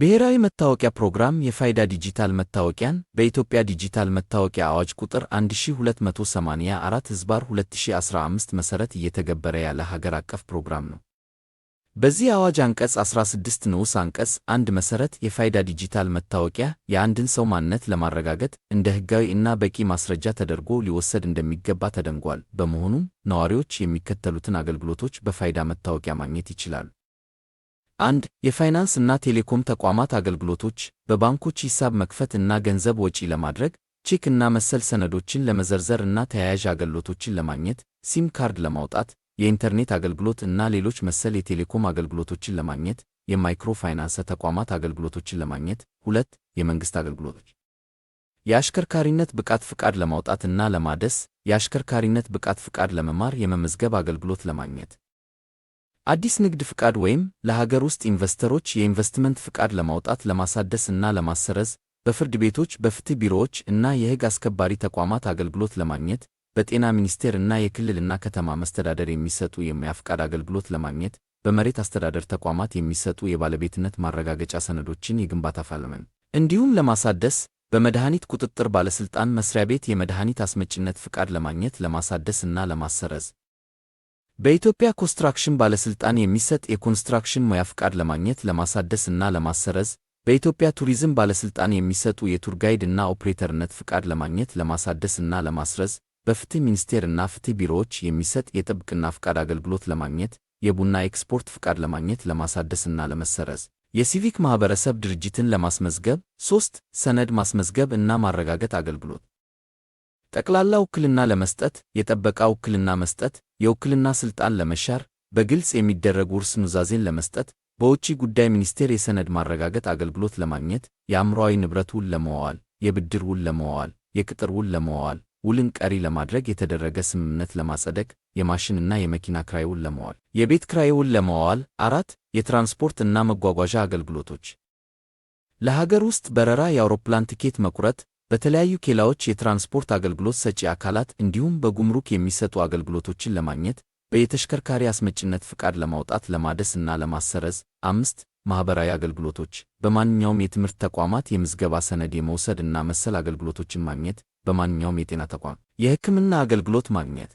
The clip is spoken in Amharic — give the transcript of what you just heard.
ብሔራዊ መታወቂያ ፕሮግራም የፋይዳ ዲጂታል መታወቂያን በኢትዮጵያ ዲጂታል መታወቂያ አዋጅ ቁጥር 1284 ህዝባር 2015 መሠረት እየተገበረ ያለ ሀገር አቀፍ ፕሮግራም ነው። በዚህ አዋጅ አንቀጽ 16 ንዑስ አንቀጽ አንድ መሠረት የፋይዳ ዲጂታል መታወቂያ የአንድን ሰው ማንነት ለማረጋገጥ እንደ ሕጋዊ እና በቂ ማስረጃ ተደርጎ ሊወሰድ እንደሚገባ ተደንጓል። በመሆኑም ነዋሪዎች የሚከተሉትን አገልግሎቶች በፋይዳ መታወቂያ ማግኘት ይችላሉ። አንድ የፋይናንስ እና ቴሌኮም ተቋማት አገልግሎቶች በባንኮች ሂሳብ መክፈት እና ገንዘብ ወጪ ለማድረግ ቼክ እና መሰል ሰነዶችን ለመዘርዘር እና ተያያዥ አገልግሎቶችን ለማግኘት ሲም ካርድ ለማውጣት የኢንተርኔት አገልግሎት እና ሌሎች መሰል የቴሌኮም አገልግሎቶችን ለማግኘት የማይክሮ ፋይናንስ ተቋማት አገልግሎቶችን ለማግኘት። ሁለት የመንግሥት አገልግሎቶች የአሽከርካሪነት ብቃት ፍቃድ ለማውጣት እና ለማደስ የአሽከርካሪነት ብቃት ፍቃድ ለመማር የመመዝገብ አገልግሎት ለማግኘት አዲስ ንግድ ፍቃድ ወይም ለሀገር ውስጥ ኢንቨስተሮች የኢንቨስትመንት ፍቃድ ለማውጣት ለማሳደስ እና ለማሰረዝ በፍርድ ቤቶች፣ በፍትህ ቢሮዎች እና የሕግ አስከባሪ ተቋማት አገልግሎት ለማግኘት በጤና ሚኒስቴር እና የክልልና ከተማ መስተዳደር የሚሰጡ የሙያ ፍቃድ አገልግሎት ለማግኘት በመሬት አስተዳደር ተቋማት የሚሰጡ የባለቤትነት ማረጋገጫ ሰነዶችን የግንባታ ፋለመን እንዲሁም ለማሳደስ በመድኃኒት ቁጥጥር ባለሥልጣን መስሪያ ቤት የመድኃኒት አስመጭነት ፍቃድ ለማግኘት ለማሳደስ እና ለማሰረዝ በኢትዮጵያ ኮንስትራክሽን ባለሥልጣን የሚሰጥ የኮንስትራክሽን ሙያ ፍቃድ ለማግኘት ለማሳደስ እና ለማሰረዝ በኢትዮጵያ ቱሪዝም ባለሥልጣን የሚሰጡ የቱር ጋይድ እና ኦፕሬተርነት ፍቃድ ለማግኘት ለማሳደስ እና ለማስረዝ በፍትህ ሚኒስቴር እና ፍትህ ቢሮዎች የሚሰጥ የጥብቅና ፍቃድ አገልግሎት ለማግኘት የቡና ኤክስፖርት ፍቃድ ለማግኘት ለማሳደስ እና ለመሰረዝ የሲቪክ ማኅበረሰብ ድርጅትን ለማስመዝገብ ሶስት ሰነድ ማስመዝገብ እና ማረጋገጥ አገልግሎት ጠቅላላ ውክልና ለመስጠት፣ የጠበቃ ውክልና መስጠት፣ የውክልና ሥልጣን ለመሻር፣ በግልጽ የሚደረግ ውርስ ኑዛዜን ለመስጠት፣ በውጭ ጉዳይ ሚኒስቴር የሰነድ ማረጋገጥ አገልግሎት ለማግኘት፣ የአእምሯዊ ንብረት ውል ለመዋዋል፣ የብድር ውል ለመዋዋል፣ የቅጥር ውል ለመዋዋል፣ ውልን ቀሪ ለማድረግ የተደረገ ስምምነት ለማጸደቅ፣ የማሽንና የመኪና ክራይ ውል ለመዋል፣ የቤት ክራይ ውል ለመዋዋል። አራት የትራንስፖርት እና መጓጓዣ አገልግሎቶች ለሀገር ውስጥ በረራ የአውሮፕላን ትኬት መቁረጥ፣ በተለያዩ ኬላዎች የትራንስፖርት አገልግሎት ሰጪ አካላት እንዲሁም በጉምሩክ የሚሰጡ አገልግሎቶችን ለማግኘት በየተሽከርካሪ አስመጭነት ፍቃድ ለማውጣት ለማደስ እና ለማሰረዝ አምስት ማኅበራዊ አገልግሎቶች በማንኛውም የትምህርት ተቋማት የምዝገባ ሰነድ የመውሰድ እና መሰል አገልግሎቶችን ማግኘት በማንኛውም የጤና ተቋም የሕክምና አገልግሎት ማግኘት